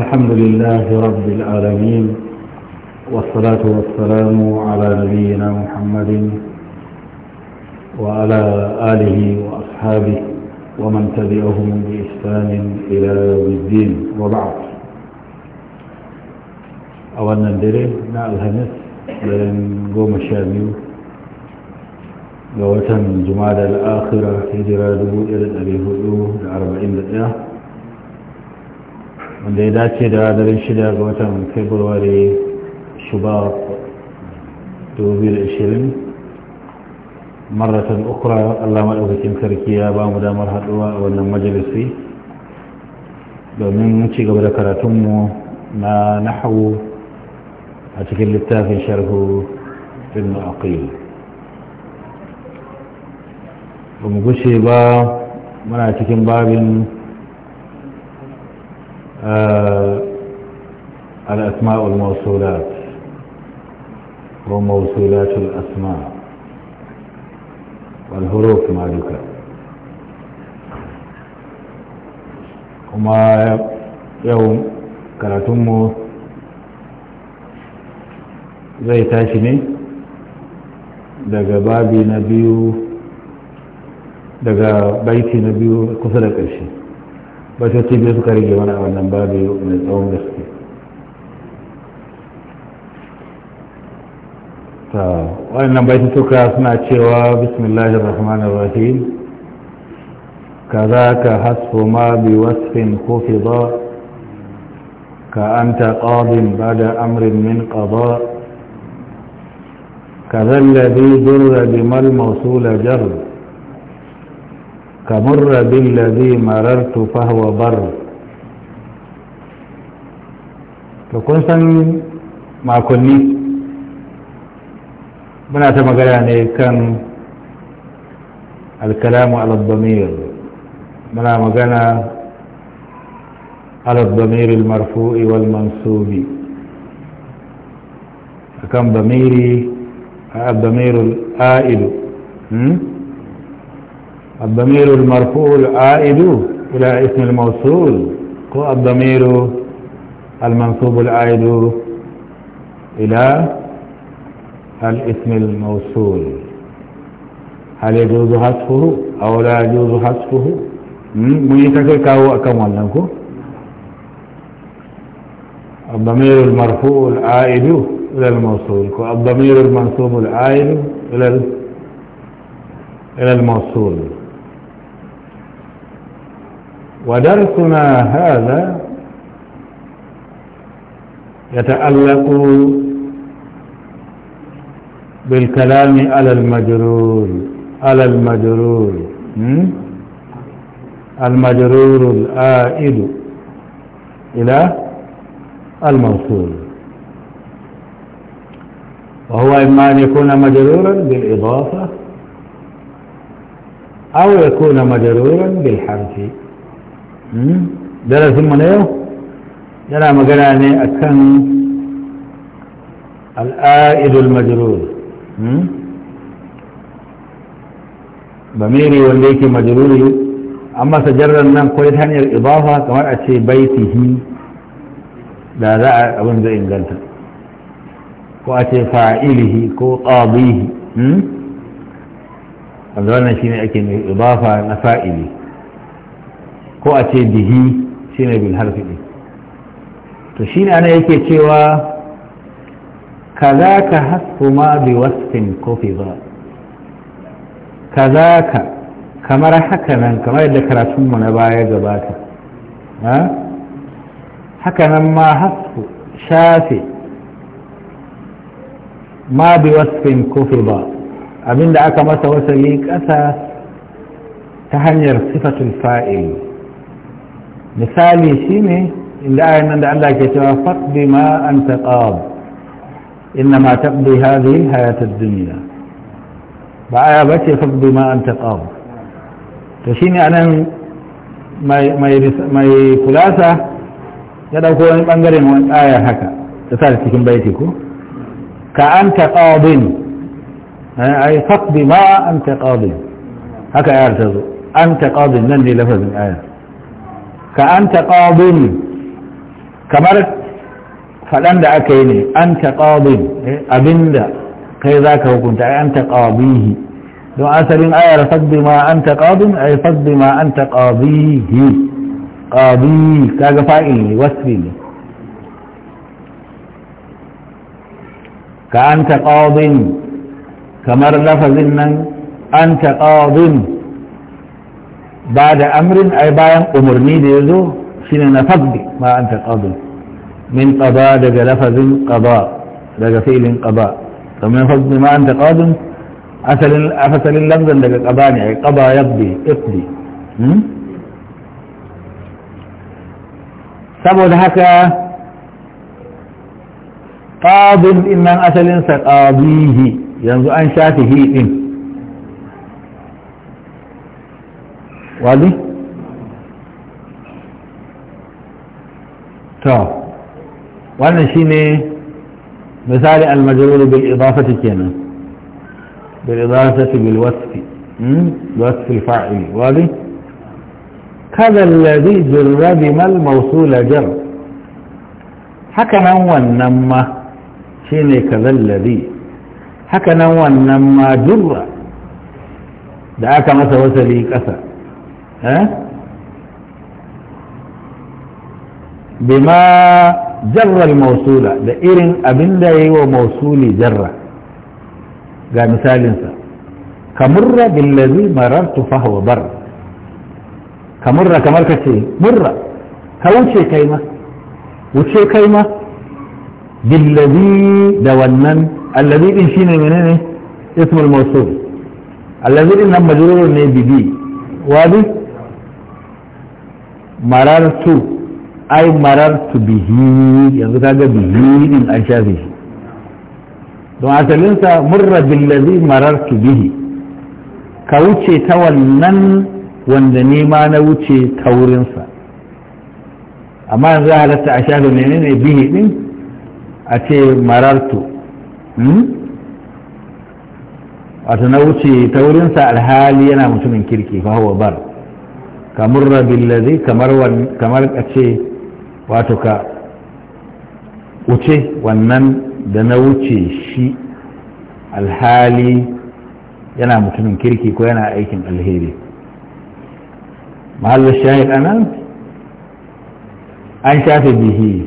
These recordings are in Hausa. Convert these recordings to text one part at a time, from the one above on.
الحمد لله رب العالمين والصلاة والسلام على نبينا محمد وعلى آله وأصحابه ومن تبعهم بإحسان إلى يوم الدين وبعد أولا ندري مع الهمس لن قوم الشامي قوة جمال الآخرة هجرة دبو إلى الأبي هدو الأربعين دقيقة wanda ya dace da darin shida ga watan februari shuba 2020 maratan ukura allah maɗaukakin sarki ya ba mu damar haɗuwa a wannan majalisi domin ci gaba da karatunmu na nahawu a cikin littafin sharhu ibn aqil ba mu gushe ba muna cikin babin الأسماء الموصولات وموصولات الأسماء والهروف ما ذكر وما يوم كراتمه زي تاشني ne بابي نبيو na بيتي نبيو baiti na bacoci biyu suka rage mana wannan babu mai tsawon gaske ta wannan baiti suka suna cewa bismillahir rahmanir rahim كذاك حسب ما بوصف خفض كأنت قاض بعد أمر من قضاء كذا الذي جر بما الموصول جر كمر بالذي مررت فهو بر تكون سن ما كني من أتى يعني كان الكلام على الضمير من مقرنا على الضمير المرفوع والمنصوب كم ضميري الضمير العائل الضمير المرفوع العائد إلى اسم الموصول الضمير المنصوب العائد إلى الاسم الموصول هل يجوز حذفه أو لا يجوز حذفه mun yi takaikawo a الضمير المرفوع العائد إلى الموصول الضمير المنصوب العائد إلى إلى الموصول ودرسنا هذا يتعلق بالكلام على المجرور على المجرور المجرور الآئد إلى الموصول وهو إما أن يكون مجرورا بالإضافة أو يكون مجرورا بالحرف Hmm? darasinmu na yau yana magana ne a kan al'a'idul hmm? ba mere wanda yake an masa sajarar nan ko ta hanyar ibafa kamar a ce baitihi da za a abin zai inganta ko a ce fa'ilihi ko qadihi hmm? wanda wannan ne ake mai ibafa na fa'ili ko a ce bihi shi ne bil harfi ne to shi ne ana yake cewa ka kazaka ma bi wasfin kofi ba ka kamar haka nan kamar yadda karatunmu na baya gabata haka nan ma hasfu shafe ma bi wasfin kofi ba abinda aka masa wasali ƙasa ta hanyar sifatul fa'il مثالي شيني إن دعي أن لعلك يتوافق بما أنت قاض إنما تقضي هذه الحياة الدنيا بعيا بك يفق بما أنت قاض تشيني أنا ما ما خلاصة يدعو كون بانجرين وان آية هكا تسالي تكون بيتكو كأنت قاض أي فق بما أنت قاض هكا يا آية أرتزو أنت قاض لن لفظ الآية كأنت قاض كمرة فلن دعكيني أنت قاض إيه؟ أبن دع قيذاك وكنت أنت قاضيه لو أسر آية فقد ما أنت قاض أي فقد ما أنت قاضيه قاضي كأغفائي وسبيل كأنت قاض كمرة لفظ أنت قاض بعد امر اي بعد امرني ديزو سين نفقد ما انت قاضي من قضاء دجا لفظ قضاء دجا فعل قضاء ثم نفقد ما انت قاضي اثل اثل اللفظ دجا قضاء يعني قضاء يقضي اقضي سبب هكا قاضي ان اثل سقاضيه ينزو ان شاته إن. ولي لي طب وانا شيني مثالي المجرور بالإضافة كينا بالإضافة بالوصف الوصف الفاعل ولي كذا الذي جردم الموصول جر حكا نوى النمى شيني كذا الذي حكا نوى النمى جر دعاك مثل وسلي كثا bima jarral mausula da irin abin da ya yi wa mausuli jarra ga misalinsa kamurra billazi marartu fahawa bar kamurra kamar ka ce murra ka wuce kai ma wuce kai ma billazi da wannan allazi din shine menene ismul mausul allazi din nan majrurun ne bibi wadi marartu ai marartu bihi yanzu ga bihi din an shafe shi don asalinsa murra billazi marartu bihi ka wuce ta wannan wanda nema na wuce ta wurinsa amma yanzu halatta a shafe menene bihi din a ce marartu hmm? wato na wuce ta wurinsa alhali yana mutumin kirki fa huwa bar kamar rabin lazi kamar a ce wato ka wuce wannan da na wuce shi alhali yana mutumin kirki ko yana aikin alheri mahallar shahid anan an shafe bihi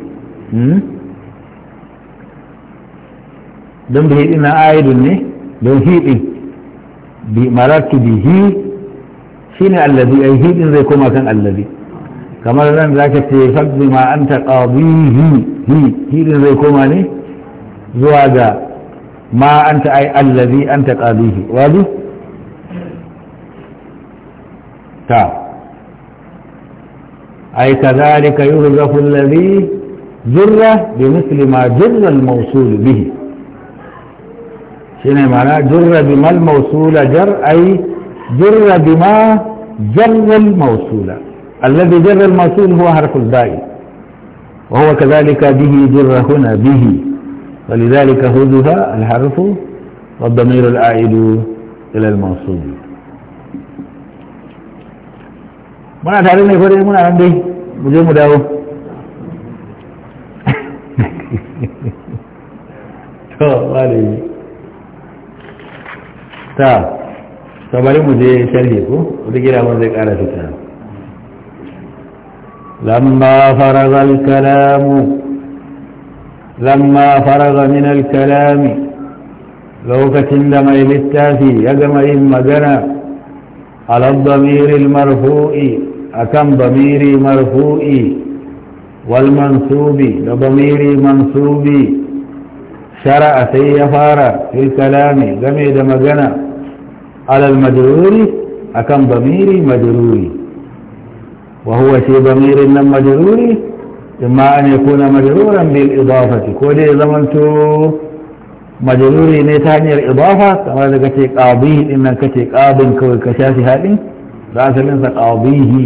hmm? don bihi na aidun ne don hiɗin bi marartu bihi shine allazi ai hidin zai koma kan allazi kamar nan za ce fagzi ma an ta hi hidin zai koma ne zuwa ga ma an ta ai allazi an ta ƙazihi wazi ta ai ka zalika yurzafu allazi jirra bi misli ma jirra al-mawsul bihi shine ma'ana jirra bi mal mawsula jar ai جر بما جر الموصول الذي جر الموصول هو حرف الباء وهو كذلك به جر هنا به ولذلك هذها الحرف والضمير العائد إلى الموصول طيب، ما tare ne kwarai muna nan dai mu je mu kamar mu je sharhi ko wata gida mun zai kara fita lamma faraga kalamu min al-kalami lokacin da mai littafi ya gama yin magana ala dhamiri a marfui bamiri dhamiri marfu'i wal mansubi da dhamiri mansubi shara'a sai ya fara fil kalami game da magana alal majruri akan bamiri majruri wa huwa shi bamirin nan majruri imma an yakuna majruran bil idafati ko dai zamanto majruri ne ta hanyar idafa kamar da kace qadi din nan kace qadin kawai ka shafi hadin da asalin sa qadihi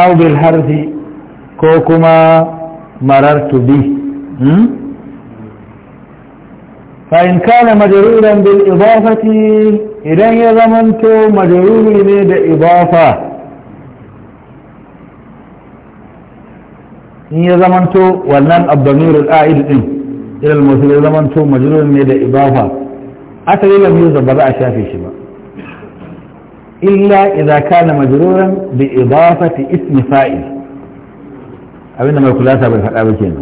aw bil harfi ko kuma marartu bi hmm? فإن كان مجرولا بالإضافة إذن يضمنت مجرور لميد إضافة إن يضمنت ولنان الضمير الآئد إن إلى المثل يضمنت مجرور لميد إضافة أتري لم يوزن بضع شافي شبا إلا إذا كان مجرورا بإضافة اسم فائل أبنى ما يقول لا سابق الأبكين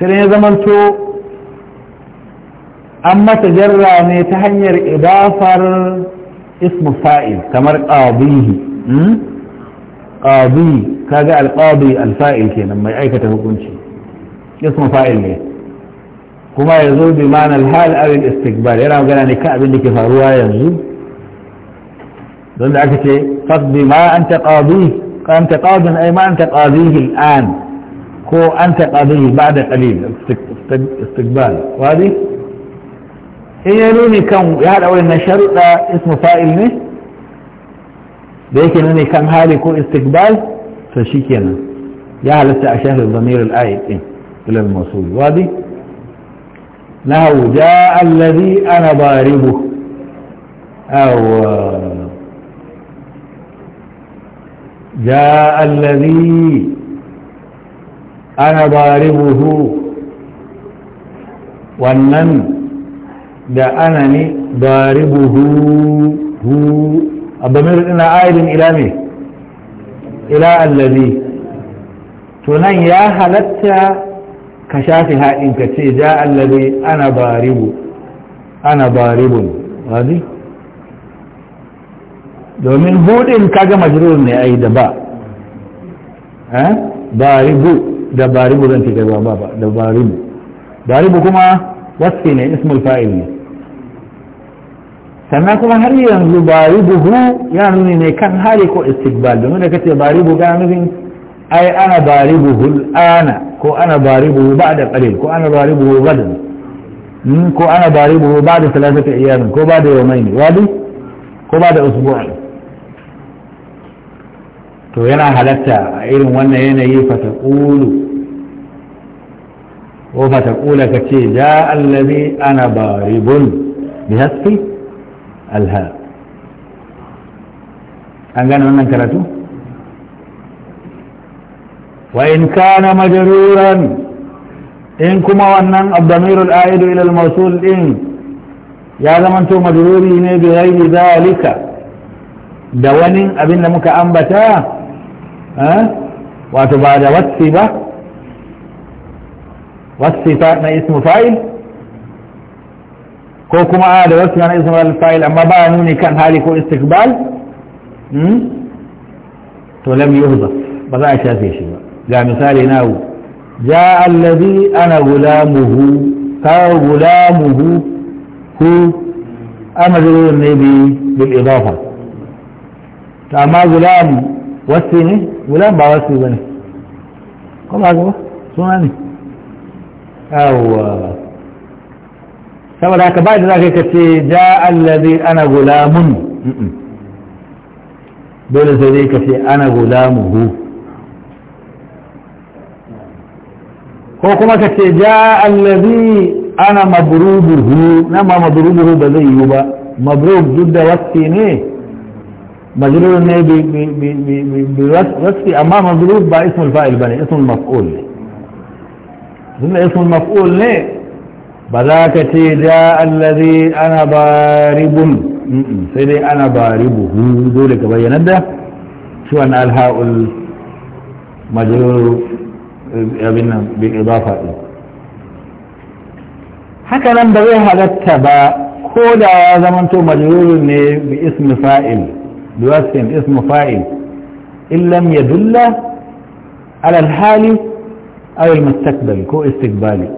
سيدنا يضمنت an mata jarra ne ta hanyar idafar ismu fa'il kamar qadihi qadi kaga alqadi alfa'il kenan mai aikata hukunci ismu fa'il ne kuma yazo bi ma'ana alhal aw al-istiqbal yana magana ne kan abin da ke faruwa yanzu don da aka ce fasbi ma anta qadi anta qadin ay ma anta qadihi al'an ko anta qadihi ba'da qalil istiqbal wadi هي نوني كم يعني أول أن الشرط اسمه فائل نه لكن نوني كم هالي يكون استقبال فشيكينا يعني لسه أشهر الضمير الآية إيه، إلى الموصول وادي له جاء الذي أنا ضاربه أو جاء الذي أنا ضاربه والنمت da ana ne daribuhu hu hu abamir dina aidin ila me ila allazi to nan ya halatta ka shafi haɗin ka ce ja allazi ana baribu ana baribun wazi domin hudin kaga majrur ne ai da ba baribu da baribu zan ce ba ba da baribu baribu kuma wasfi ne ismul fa'il ne sannan kuma har yanzu bari buhu ya nuni ne kan hari ko istikbal. domin da kace bari buhu ga nufin ai ana bari buhu ana ko ana bari buhu ba da qalil ko ana bari buhu gadan hmm, ko ana bari buhu ba da talatata iyam ko ba da ne wadi ko ba da usbu'in to yana halatta a irin wannan yanayi fataqulu وفتقول كتي ana الذي أنا ضارب haske. alha an gane wannan karatu wa in kana majruran in kuma wannan abdamirul aidu ila al-mawsul din ya to majruri ne bi ghairi zalika da wani abin da muka ambata eh, wato ba da wasfi ba wasfi na ismu fa'il ko kuma a da wasu yana isa ismar fa’il amma ba a nuni kan hali ko istikbal to lam yuhza ba za a shafe shi ba ga misali na hu ja allazi ana gulamuhu ka gulamuhu hu amrun ne bil idafa ta ma gulam wasi ne gulam ba wasi bane kuma ga suna ne yawwa saboda haka ba da za ka ce ja allazi ana gulamun dole sai dai ka ce ana gulamuhu ko kuma ka ce ja allazi ana mabrubuhu nan ma mabrubuhu ba zai yi ba mabrub duk da wasfi ne مجرور ne بالوصف اما مجرور با اسم الفاعل بني اسم المفعول ne اسم المفعول ne ba za ka ce ja allazi ana baribun sai dai ana baribuhu dole ka bayyana da shi wani alha'ul majalur abin nan bin idafa din haka nan ba zai halatta ba ko da ya zamanto majalur ne bi ismi fa'il biwasin ismi fa'il illam ya dulla alal hali awil mustaqbal ko istiqbali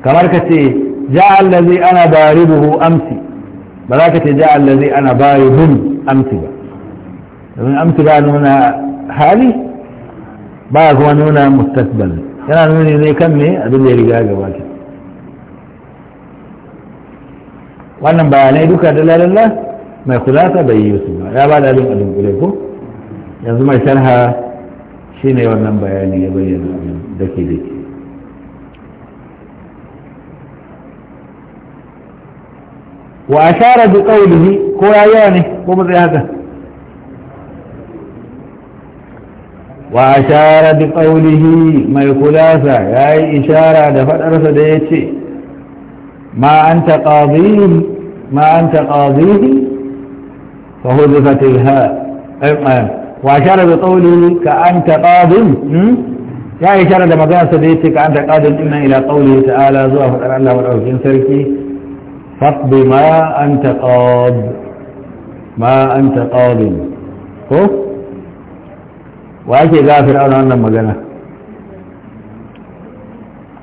kamar ka ce ja allazi ana baribuhu amsi ba za ka ce ja allazi ana baribun amsi ba domin amsi ba nuna hali ba kuma nuna mustaqbal yana nuna ne kan me abin da ya riga gaba ki wannan bayanai duka da lalalla mai kulata bai yi su ba ya ba da abin a ko yanzu mai sharha shine wannan bayani ya bayyana da ke da ke وأشار بقوله كويانه ومن هذا وأشار بقوله ما الخلاصة أي إشارة دفتر سديتي ما أنت قاضيه ما أنت قاضيه فهذفت الهاء أيوة. وأشار بقوله كأنت قاض يا إشارة لما قال سديتي كأنت قاض إما إلى قوله تعالى زوافة الله والعوفين سركي فاقض ما أنت قاض ما ko wa ake za a fir'auna wannan magana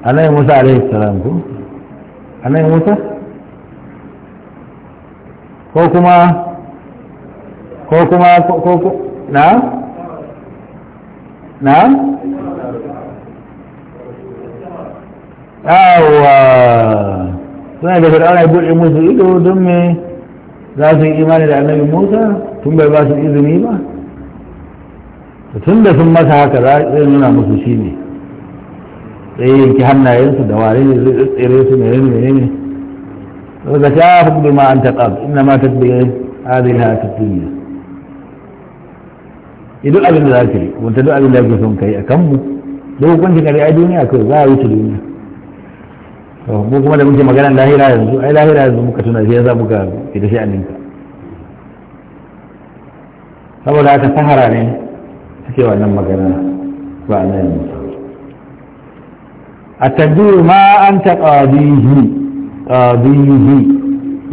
anai musa alaihi salam ko musa ko kuma na na yawwa suna da fir'auna buɗe musu ido don me za su yi imani da annabi musa tun bai ba su izini ba tun da sun masa haka za zai nuna musu shi ne sai yanki hannayensu da ware ne zai tsere su ne ne ne ne da ta hudu ma an taƙab ina ma tabbiye hadin ha ta duniya idan abin da za ka yi wata duk abin da ka son kai a kanmu da hukuncin kare a duniya kawai za a wuce duniya mu kuma da muke magana lahira yanzu ai lahira yanzu muka tuna sai yasa muka fita shi aninka saboda haka sahara ne suke wannan magana ba a nan a takbir ma an ta qadihi qadihi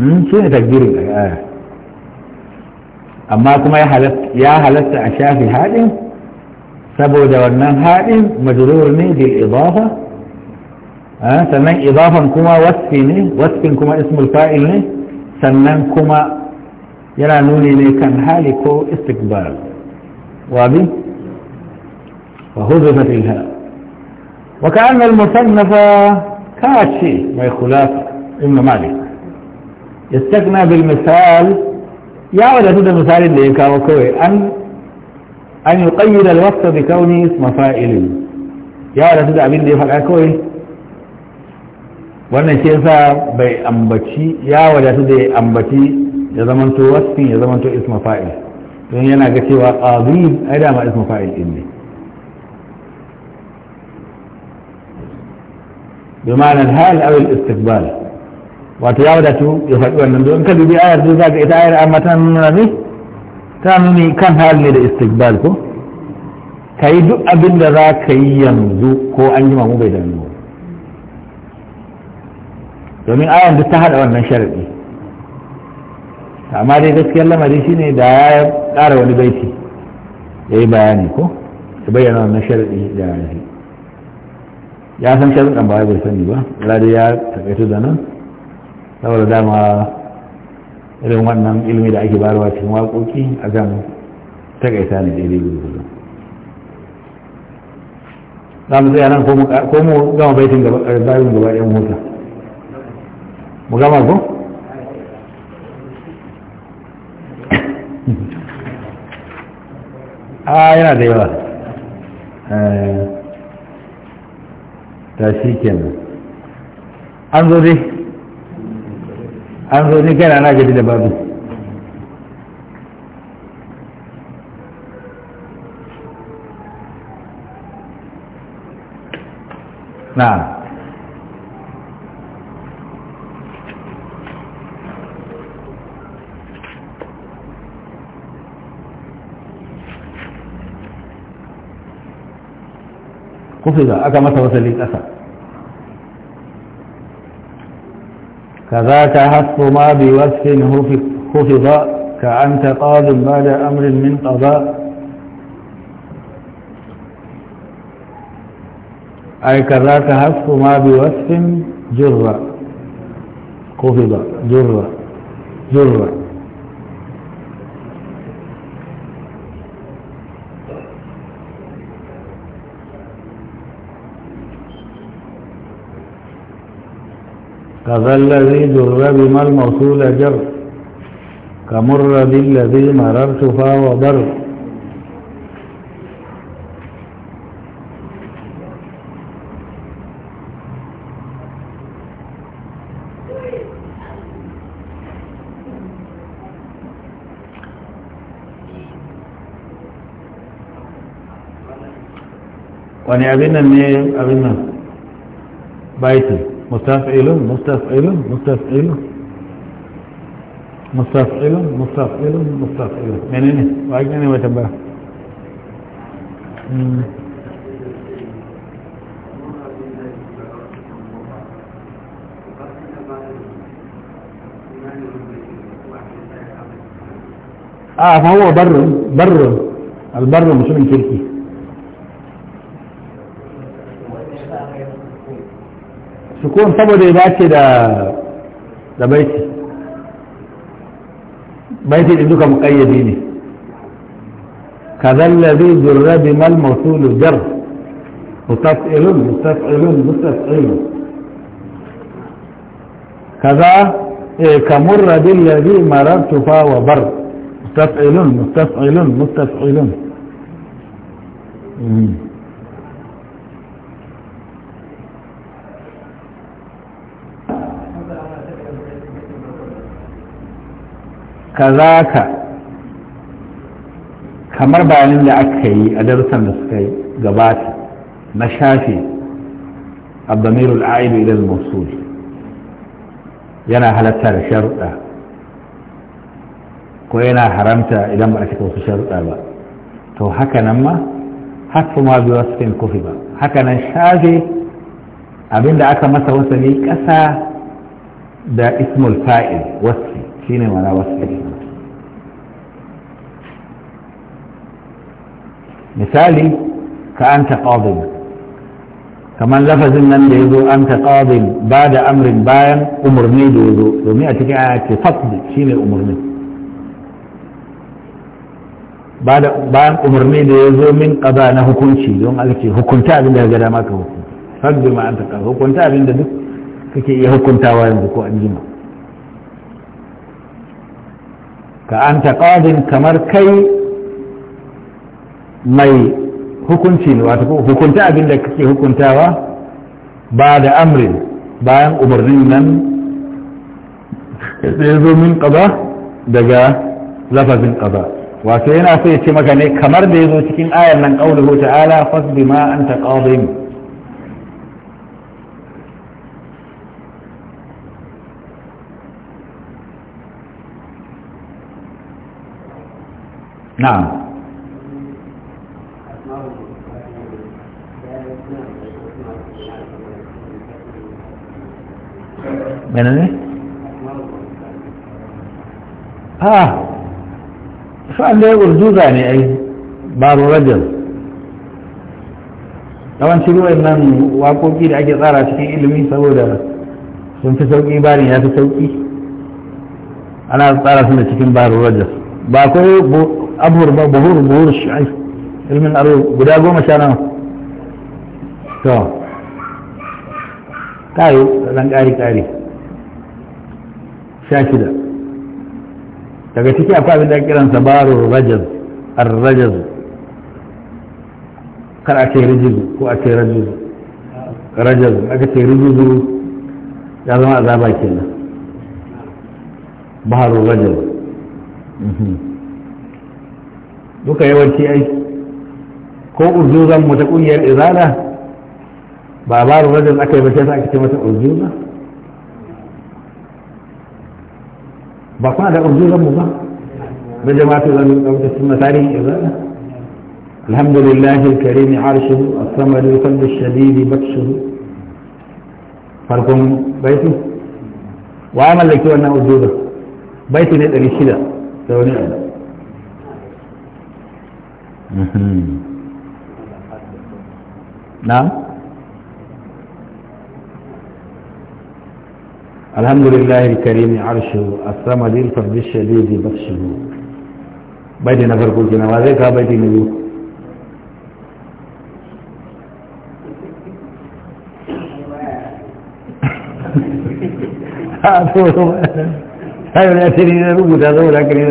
hmm su ne takbirin da aya amma kuma ya halatta a shafi haɗin saboda wannan haɗin majrur ne bil idafa سنن إضافة كما وسفين وسفين كما اسم الفائل سنن كما يلا نولي لكن هالكو استقبال وابي وهذفت الهاء وكأن المصنف كاشي ما يخلاف إما مالك يستقنى بالمثال يعود هذا المثال اللي يكاو كوي أن أن يقيد الوصف بكونه اسم فائل يعود هذا المثال اللي يفعل كوي wannan ke sa bai ambaci ya wadatu da ya ambaci ya zamanto wasfin ya zamanto isma fa'il don yana ga cewa azim ai dama isma fa'il din ne bi ma'anar hal aw istiqbal wato ya wadatu ya faɗi wannan don ka dubi ayar da zaka ita ayar amma ta nuna ne ta nuni kan hal ne da istiqbal ko ka yi duk abin da za ka yi yanzu ko an jima mu bai da domin ayan duk ta hada wannan sharadi amma dai gaskiyar lamari shine da ya ƙara wani baiti ya yi bayani ko ya bayyana wannan sharadi da ya ya san sharuɗan ba bai sani ba rari ya takaitu da nan saboda dama irin wannan ilimi da ake bayarwa cikin waƙoƙi a kan takaita ne daidai gurgudu za mu tsaya nan ko mu gama baitin bayan gaba ɗayan mota mu gama ko a ah, yana da yawa eh, ta shi kenan an zo dai an zo dai kana na gaji da babu na'am kufiza أكما masa wasalin كذاك حث ما بوصف خفض كأنت قاض بعد أمر من قضاء أي كذاك حث ما بوصف جر خفض جر جر كذا الذي در بما الموصول جر كمر بالذي مررت فا وبر wani أبينا nan ne abin متفعلون متفعلون متفعلون متفعلون متفعلون متفعلون يعني ايه واجي انا وتبقى اه هو بر بر البر مش من تركي sukun saboda ya dace da da baiti baiti din duka muqayyadi ne Kazan kazallazi jurra bimal mawsul jar mustaf'ilun mustaf'ilun mustaf'ilun kaza eh, kamurra billazi marartu fa wa bar mustaf'ilun mustaf'ilun mustaf'ilun hmm. kazaka kamar bayanin da aka yi a darussan da suka gabata na shafi abdamirul aibu ilal musul yana halatta da sharuɗa ko yana haramta idan ba a cika wasu sharuɗa ba to haka nan ma hatta ma biyu wasu kofi ba haka nan shafe abinda aka masa wasani ƙasa da ismul fa'il wasu shine mana wasu misali ka anta qadin kamar lafazin nan da ya yazo anta qadin ba da amrin bayan umarni da yazo domin a cikin aya ce shi shine umarni bayan umarni da yazo min qada na hukunci don alke hukunta abin da ga dama ka hukunta fasd ma anta qadin hukunta abin da duk kake iya hukuntawa yanzu ko an jima ka anta qadin kamar kai mai hukunci ne wato hukunta abin da kake hukuntawa ba da amrin bayan umarnin nan sai zo min qada daga lafazin qada wato yana so ya ce maka ne kamar da ya zo cikin ayar nan qauluhu ta'ala fasbi ma anta qadim na'am mene ne a su an da ya gurduza zane ai baro rajal yawanci ruwan nan wakoki da ake tsara cikin ilimin saboda sun fi sauƙi barin ya fi sauƙi ana tsara su da cikin baro rajal ba akwai abubuwar ba buhur buhur shi'ai ilimin aro guda goma sha nan to yi ɗan ƙari-ƙari sha shida daga ciki akwai abin da kiran sabarun rajaz ar-rajaz kar a ce rijiz ko a ce rajiz rajaz aka ce rijiz ya zama azaba kenan baharun rajaz mhm. duka yawanci ai ko urzuzan mu ta kungiyar izala ba baro rajaz aka yi ba sai aka ce mata urzuza بطالة kuma da ƙurzuran بجماعة ba da jama'atu zan الحمد لله الكريم عرشه الثمر القلب الشديد بطشه فالقوم بيته وعمل لك وانا وجوده بيته ندري شده لو نعلم نعم الحمد لله الكريم عرشه الصمد الفرد الشديد بخشه بيت نفر كل جنا وذيك بيت نبي ayo na sai na rubuta zo da kare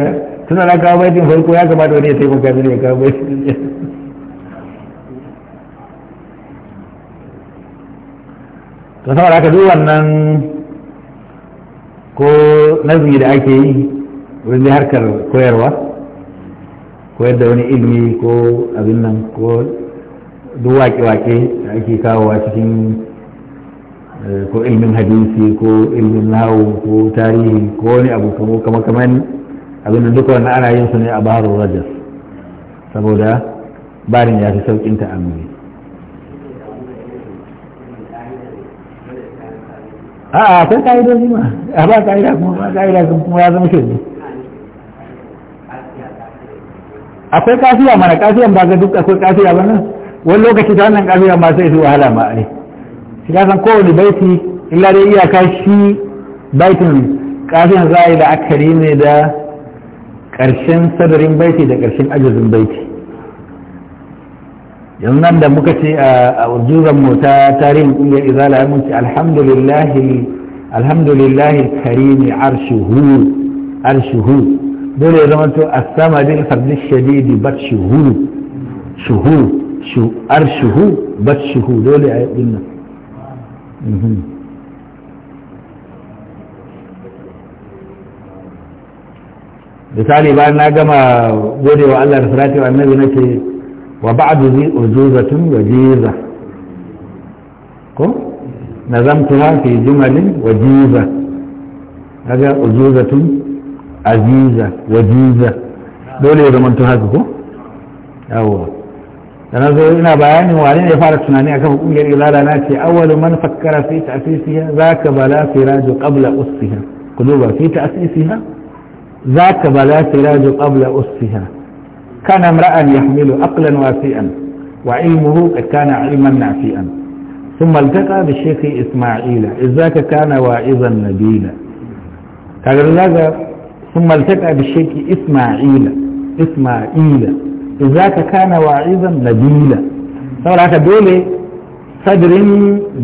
tuna na kawo baitin farko ya kamata wani ya taimaka mini ya kawo baitin to saboda haka duk wannan ko nazmi da ake yi wurin harkar koyarwa koyar da wani ilmi ko abin nan ko duk wake-wake da ake kawowa cikin eh, ko ilmin hadisi ko ilmin nawo ko tarihi ko wani abu kama kamar abin da duka wannan ana yin su ne a baharar rajas saboda barin ya fi saukin ta'amuli a akwai ka'idoji ma a ba ka'ida kuma ba ka'ida kuma ya zama shirme akwai kafiya mana kafiyan ba ga duk akwai kafiya ba nan wani lokaci ta wannan kafiya ma sai su wahala ma ai shi ka san kowane baiti in lare iyaka shi baitin kafiyan za a yi da ne da ƙarshen sadarin baiti da ƙarshen ajizin baiti yanzu nan da muka ce a urjuzan mu ta tarihin kungiyar izala mun ce alhamdulillahi alhamdulillahi karimi arshuhu arshuhu dole ya zama to as-samadil fardil shadidi bat shuhuru shuhuru shuhu dole بشه دول قلنا misali bayan na gama gode wa Allah da salati wa annabi nake وبعد ذي أجوزة وجيزة نظمتها في جمل وجيزة هذا أجوزة عزيزة وجيزة دولي رمنتها كو أو أنا أقول لك وعليني فارق سناني أكف أمير إلى لناتي أول من فكر في تأسيسها ذاك بلا سراج قبل أسها قلوبة في تأسيسها ذاك بلا سراج قبل أسها كان امرا يحمل عقلا وافئا وعلمه كان علما نافئا ثم التقى بالشيخ إسماعيل إذاك كان واعظا نبيلا ثم التقى بالشيخ إسماعيل إسماعيل إذاك كان واعظا نبيلا صور هكا دولي صدر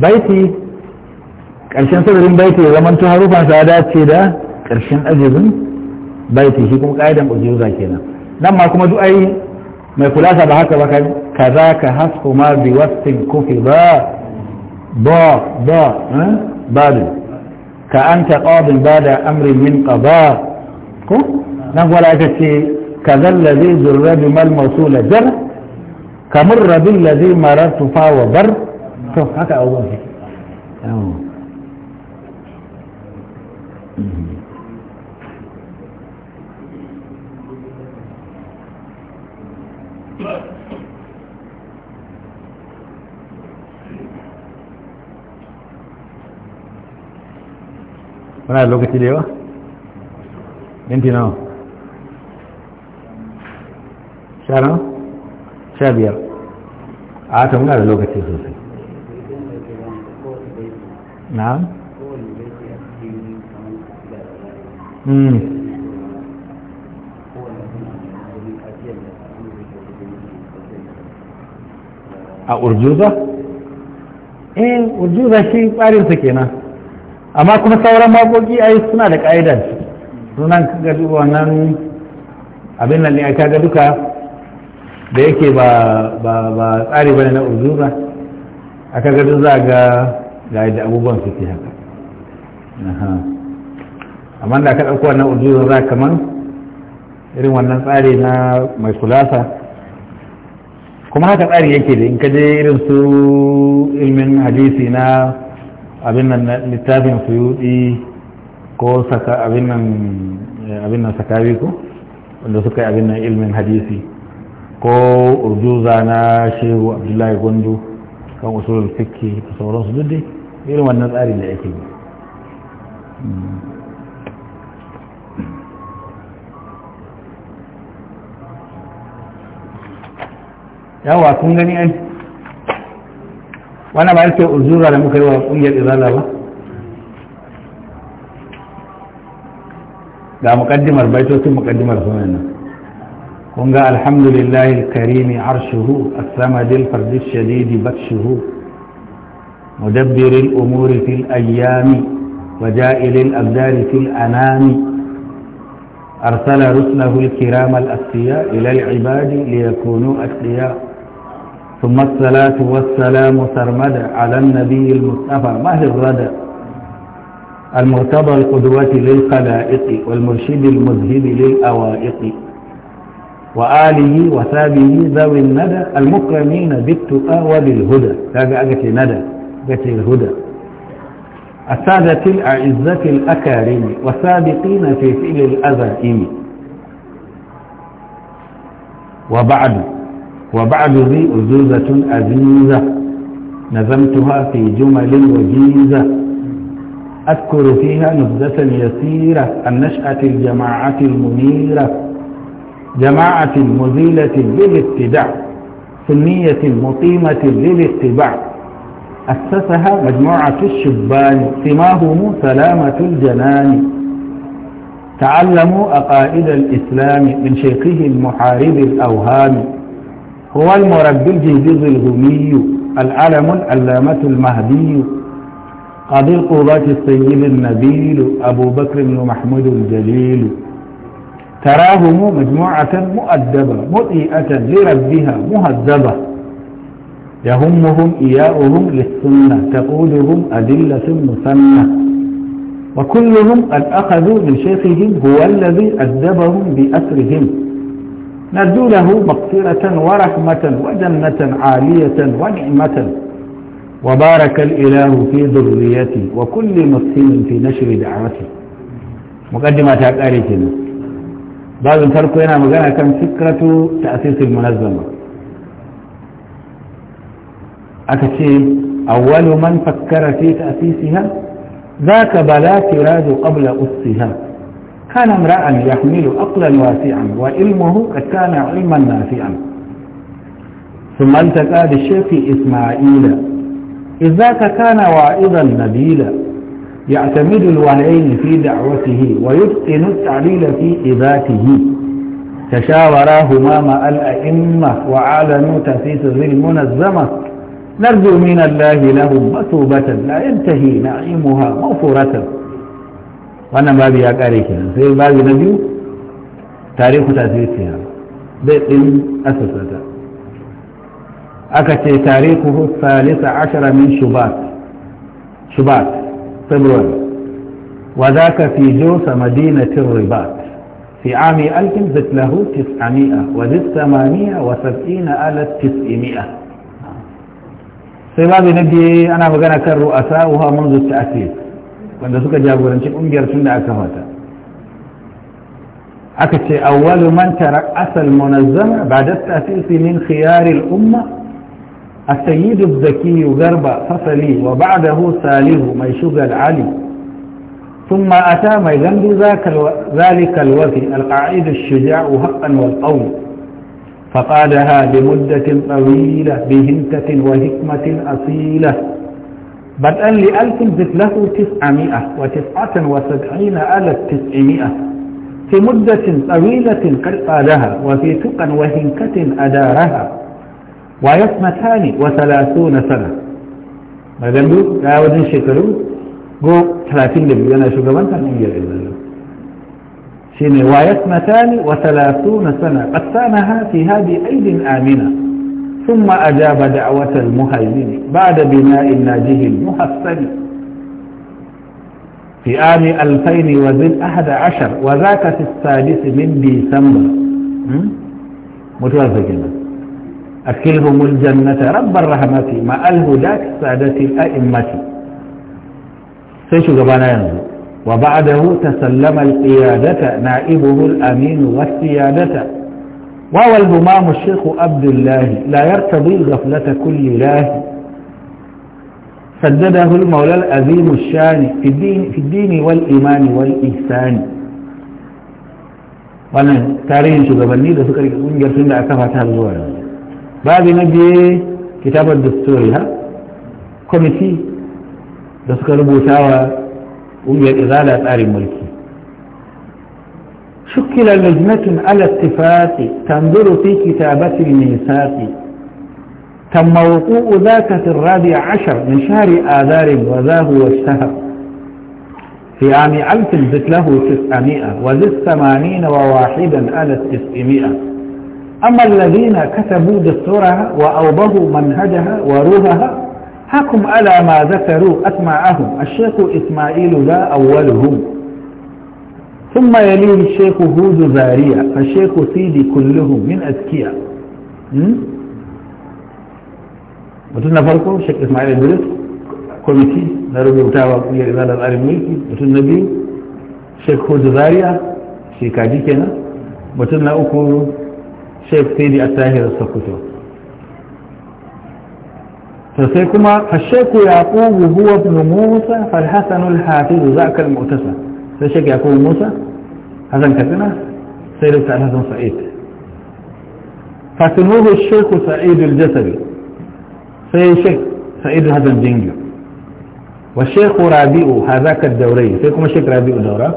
بيتي كرشن صدر بيتي إذا من تهرفا سادات كده كرشن أجزم بيتي هكو قائدا أجيوزا كذا nan ma kuma du'ai mai kulasa ba haka ba kaza ka hasku ma bi wasfin kufi ba ba ba badu ka anta qadin bada amrin min qada ko nan wala ka ce kaza allazi zurra bi mal mawsula jar kamar rabil ladhi marartu fa wa bar to haka abubuwan da lokaci da yawa minti nawa sha nawa sha biyar a ta muna da lokaci sosai na hmm. a urjuza? eh urjuza shi tsarinsa kenan amma kuma sauran makoki ai suna da ka'idar sunan ga duba wannan abin nan ne a kaga duka da yake ba ba tsari bane na uzuza a kaga duk za ga ga yadda abubuwan su ke haka amma da aka ɗauko wannan uzuza za kaman irin wannan tsari na mai kulasa kuma haka tsari yake da in ka je irin su ilmin hadisi na abin nan littafin suyuɗi ko eh, abin nan sakawi ko wanda suka yi abin nan ilmin hadisi ko urjuza na shehu abdullahi gundu kan usulun fikki da sauransu duk dai irin wannan tsarin da yake hmm. yawa kun gani ai wannan ba yake uzura da muka yi wa kungiyar izala ba ga mukaddimar baitocin mukaddimar sunan nan kun ga alhamdulillahi karimi arshuhu as-samadil fardi shadidi batshuhu mudabbiril umuri fil ayyami وجائل الأبدال في الأنام أرسل رسله الكرام الأسقياء إلى العباد ليكونوا أتقياء ثم الصلاة والسلام سرمدا على النبي المصطفى مهد الردى المرتضى القدوة للخلائق والمرشد المذهب للأوائق وآله وثابه ذوي الندى المكرمين بالتقى وبالهدى تاجأت ندى جت الهدى السادة الأعزة الأكارم والسابقين في فئل الأذائم وبعد وبعد ذي أزوزة أزيزة نظمتها في جمل وجيزة أذكر فيها نبذة يسيرة عن نشأة الجماعة المنيرة جماعة مزيلة للاتباع سنية مقيمة للاتباع أسسها مجموعة الشبان سماهم سلامة الجنان تعلموا أقائد الإسلام من شيخه المحارب الأوهام هو المربي الجهديز الهمي العلم اللامة المهدي قضي القضاة السيد النبيل أبو بكر بن محمود الجليل تراهم مجموعة مؤدبة مطيئة لربها مهذبة يهمهم إياؤهم للسنة تقودهم أدلة مثنى وكلهم قد أخذوا من شيخهم هو الذي أدبهم بأسرهم نرجو له مغفرة ورحمة وجنة عالية ونعمة وبارك الإله في ذريتي وكل مسلم في نشر دعوته مقدمة تقالي كنا بعض الفرق هنا مقالة كان فكرة تأسيس المنظمة أكتشي أول من فكر في تأسيسها ذاك بلا تراد قبل أسها كان امرأ يحمل عقلا واسعا وعلمه قد كان علما نافعا ثم التقى بالشيخ إسماعيل إذ ذاك كان واعظا نبيلا يعتمد الوهيين في دعوته ويتقن التعليل في إباته تشاوراهما مع الأئمة وأعلنوا تفيس المنظمة نرجو من الله لهم مثوبة لا ينتهي نعيمها مغفورة wannan babu ya kare kenan sai babu na biyu tarihu ta zai ɗin asasata aka ce tarihu salisa ashara min shubat shubat february وذاك في جوس مدينة الرباط في عام 1900 وزد 78 على 900 سباب نجي أنا بقنا كان رؤساؤها منذ التأسيس wanda suka jagoranci kungiyar tun da aka fata aka ce awwalu man tara'asa al-munazzama ba'da at-ta'sis min khiyar al-umma السيد الذكي غربة فصلي وبعده ساليه ميشوغ العلي ثم أتى ميغند ذاك الو... ذلك الوفي القعيد الشجاع حقا والقول فقالها لمدة طويلة بهمتة وهكمة أصيلة بدءا لألف زد له تسعمائة وتسعة وسبعين ألف تسعمائة في مدة طويلة قد قالها وفي تقى وهنكة أدارها ويسمتان وثلاثون سنة ماذا لا ودن شكروا قو ثلاثين لبي أنا شو قبل تنمية إلا شين ويسمتان وثلاثون سنة قد سانها في هذه أيد آمنة ثم أجاب دعوة المهيمن بعد بناء الناجه المحسن في عام 2011 وذاك في السادس من ديسمبر متوافق أكلهم الجنة رب الرحمة مع ذاك السادة الأئمة سيشو قبانا ينزل وبعده تسلم القيادة نائبه الأمين والسيادة وهو الإمام الشيخ عبد الله لا يرتضي الغفلة كل الله سدده المولى العظيم الشان في الدين, في الدين والإيمان والإحسان wannan tarihin shugabanni da suka rike kungiyar tun da aka fata har zuwa yanzu babu na biye kitabar dastori ha kwamiti da suka rubuta wa kungiyar izala tsarin mulki شكل لجنة على اتفاق تنظر في كتابة الميثاق تم وقوع ذاك في الرابع عشر من شهر آذار وذاه هو في عام ألف زد له تسعمائة وزد ثمانين وواحدا على التسعمائة أما الذين كتبوا دستورها وأوضهوا منهجها وروهها حكم على ما ذكروا أسماءهم الشيخ إسماعيل ذا أولهم ثم يليه الشيخ هود زارية الشيخ سيدي كله من أذكية وتنا فرقه الشيخ إسماعيل الدرس كوميتي نروي بتاعه في الإبادة الأرميكي وتنا بي الشيخ هود زارية الشيخ عديكينا وتنا أقول الشيخ سيدي التاهر السكوتو فالشيخ يعقوب هو ابن موسى فالحسن الحافظ ذاك المؤتسى sai shek yakubu musa hazan Katina sai dr alhassan sa'id fatimuhu sheku sa'id al-jasari sai shek sa'id hazan jingir wa sheku rabi'u hazaka daurai sai kuma shek rabi'u daura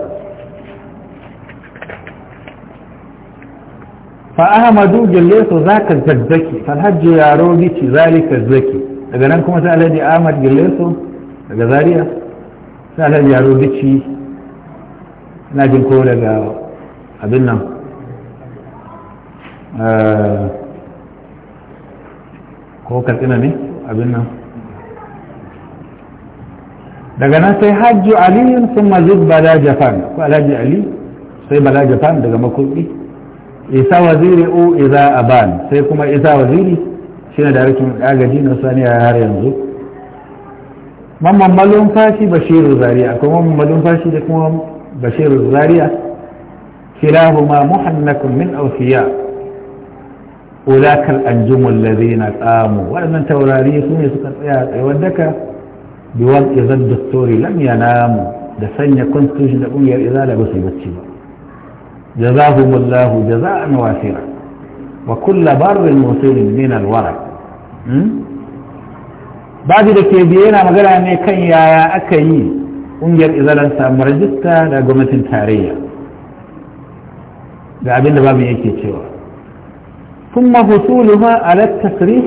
فأحمد جليت ذاك Yaro فالحج يا روبيتش daga nan kuma sai Alhaji Ahmad أحمد جليت لقد ذلك سأل هذه يا روبيتش ina jin ko daga abin nan eh, ko katsina ne abin nan daga nan sai hajji aliyun sun mazid bala japan ko alhaji ali sai bala japan daga makurdi isa waziri o iza aban sai kuma isa waziri shi na darakin agaji na saniya har yanzu mamman malumfashi bashiru zari akwai mamman malumfashi da kuma بشير الزارية كلاهما محنك من أوفياء أولاك الأنجم الذين قاموا ولم توراري سوني سكتيات ودك بوضع ذا الدكتور لم يناموا دسن يكون تجد أمي إذا لبسي بتشبه جزاهم الله جزاء وافرا وكل بر مصير من الورع بعد ذلك يبينا مغلا أن يكن يا aka ƙungiyar إذا لن rajista da gwamnatin tarayya da abin da ثم حصولها على التسريح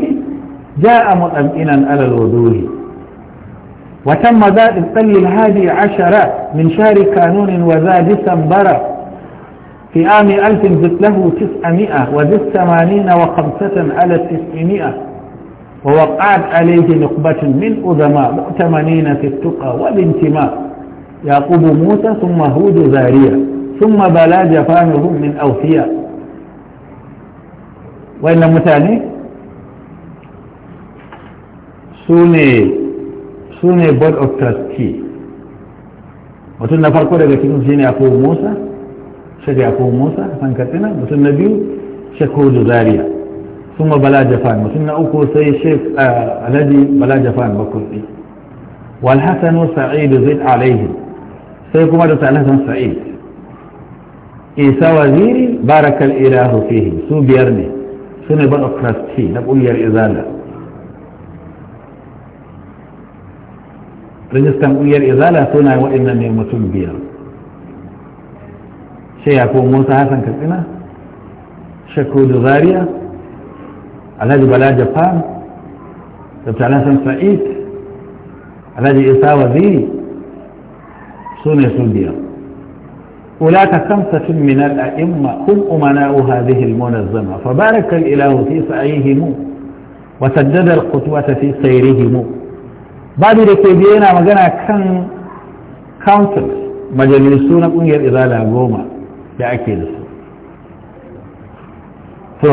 جاء مؤمنا على الوضوء وتم ذات القل الهادي عشر من شهر كانون وذا ديسمبر في عام 1000 له 900 وذي الثمانين وخمسة على التسعمائة ووقعت عليه نقبة من أذماء مؤتمنين في التقى والانتماء يعقوب موسى ثم هود زارية ثم بلا جفانهم من أوفياء وإن متاني سوني سوني بول أوف ترستي mutum na لك daga سيني موسى ne يعقوب موسى فانكتنا yakubu musa san katsina mutum kuma bala jafan mutum na uku sai shek alhaji bala jafan bakurdi wal hasanu sa'idu zid alaihi sai kuma da salasan sa'id isa waziri barakal ilahu fihi su biyar ne su ne banokrasti na ƙungiyar izala rijistan ƙungiyar izala suna waɗannan ne mutum biyar shi ya musa hassan katsina shakudu da zaria alhaji bala jafar tattalin san sa'id alhaji isa waziri su ne su biyar ulata kamsa fin minar a'imma kun umana uha zihil monar zama fa barakal ilahu fi sa'ihimu wa sajjadar kutuwa ta fi sairihimu babu da ke biyu yana magana kan council majalisu na kungiyar izala goma da ake da su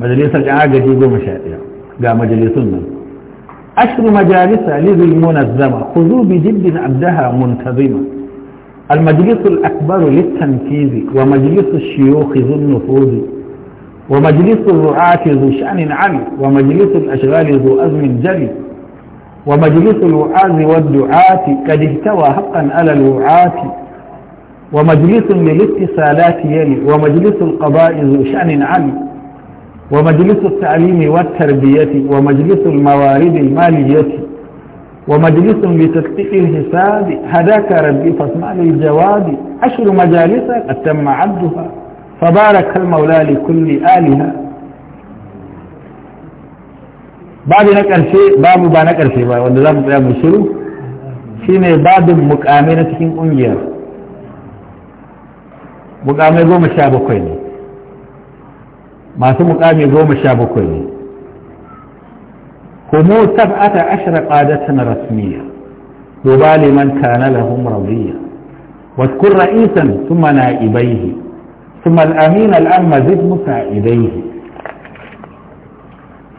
majalisar agaji goma sha ɗaya ga majalisun nan ashru majalisa lizil munazzama khudhu bi jiddin abdaha muntazima المجلس الأكبر للتنفيذ ومجلس الشيوخ ذو النفوذ ومجلس الرعاة ذو شأن عالي ومجلس الأشغال ذو أزم جلي ومجلس الوعاظ والدعاة قد اهتوى حقا على الوعاة ومجلس للاتصالات يلي ومجلس القضاء ذو شأن عالي ومجلس التعليم والتربية ومجلس الموارد المالية ومجلس لتدقيق الحساب هداك ربي فاسمع للجواب عشر مجالس قد تم عدها فبارك المولى لكل آلهة بعد شيء باب با نكرشي شيء wanda zamu tsaya mu shiru shine babin mukame na cikin kungiyar mukame الشعب ne masu mukami goma sha bakwai ne kuma sab'ata ashra qadatan rasmiya duba liman kana lahum radiya واذكر رئيسا ثم نائبيه ثم الأمين الأم زد مساعديه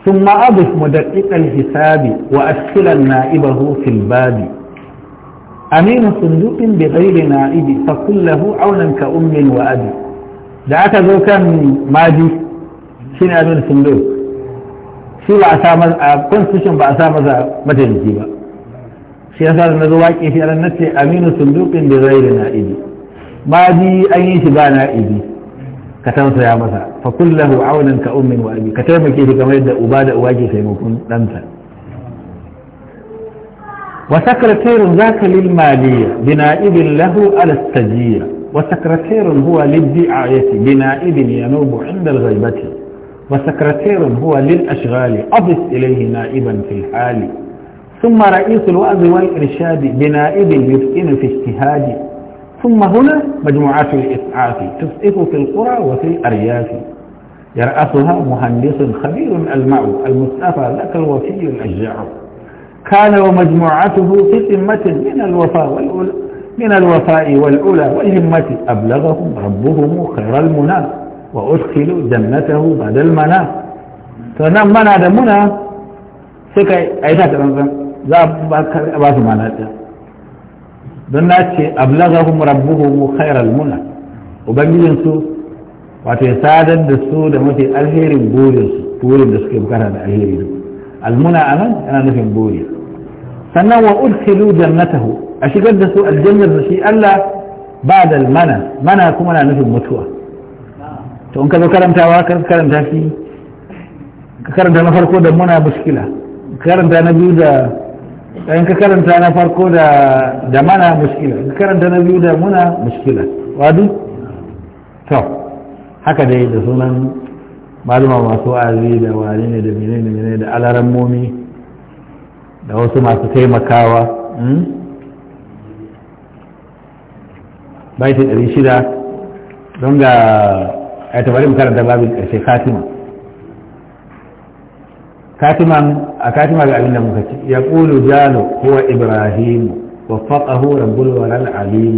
ثم أضف مدقق الحساب وأدخلا نائبه في الباب أمين صندوق بغير نائب فكن له عونا كأم وأبي دعك ذو كان ماجي shi ne abin sullo shi ba a sa masa a constitution ba a sa masa mataimaki ba shi yasa da na zo waƙe shi ran nace aminu sunduqin bi ghairi na'ibi ma bi an yi shi ba na'ibi ka tausaya masa fa kullahu aunan ka ummin wa abi ka taimake shi kamar yadda uba da uwa ke taimakon ɗansa wa sakratayr zaka lil maliya bi na'ibin lahu ala stajira wa sakratayr huwa lid di'ayati bi na'ibin yanubu inda al-ghaibati وسكرتير هو للأشغال أضف إليه نائبا في الحال ثم رئيس الوعظ والإرشاد بنائب يتقن في اجتهاد ثم هنا مجموعات الإسعاف تسعف في القرى وفي الأرياف يرأسها مهندس خبير ألمع المصطفى ذاك الوفي الأشجع كان ومجموعته في قمة من الوفاء والأولى من الوفاء والأولى والهمة أبلغهم ربهم خير المنى wa udkhilu jannatahu ba'da al-manam to nan mana da muna sai kai aita ta ranzan za a ba su mana ta don na ce ablaghahum rabbuhum khairal muna ubangijin su wato ya sadar da su da mafi alherin burin su burin da suke bukata da alheri almuna anan yana nufin buri sannan wa udkhilu jannatahu a shigar da su aljannar da shi Allah ba da mana kuma na nufin mutuwa to in ka zo karantawa ka karanta shi ka karanta na farko da muna muskila karanta na biyu da in ka karanta na farko da mana muskila ka karanta na biyu da muna muskila wadu to haka dai da sunan maluma masu wa'azi da wani ne da menene menene da alaran momi da wasu masu taimakawa hmm? ɗari 600 don ga a ta bari mu karanta babin ƙarshe katima katiman a katima ga وفقه رب الورى العليم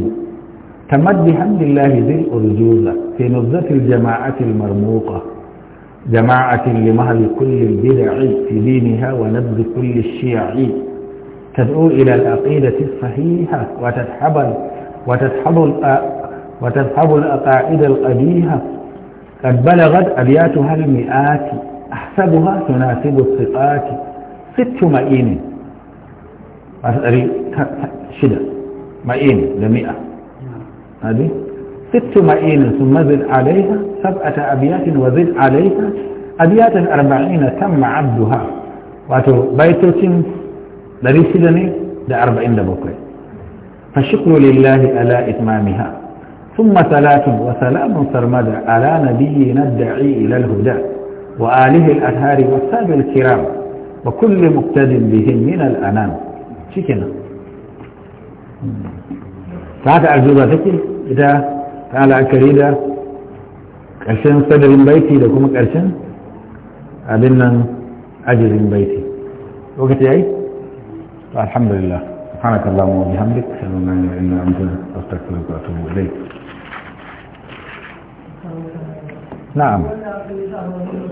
تمد بحمد الله ذي الأرجوزة في نبذة الجماعة المرموقة جماعة لمهل كل البدع في دينها ونبذ كل الشيع تدعو إلى العقيدة الصحيحة وتسحب وتسحب وتسحب الأقاعد القبيحة قد بلغت أبياتها المئات أحسبها تناسب الثقات ست مئين شدة مئين لمئة هذه ست مئين ثم زد عليها سبعة أبيات وزد عليها أبيات أربعين تم عبدها واتو بيتوتين دريسي لني ده أربعين دبوكي فالشكر لله على إتمامها ثم ثلاث وسلام سرمدى على نبينا الداعي إلى الهدى وآله الأثار والساب الكرام وكل مقتد به من الأنام شكنا فهذا أجوبة ذكر إذا قال أكريدا أرشن صدر بيتي لكمك أرشن أبنا أجر بيتي وقت يأي الحمد لله سبحانك اللهم وبحمدك اشهد ان لا اله الا أنت أستغفرك وأتوب إليك na'am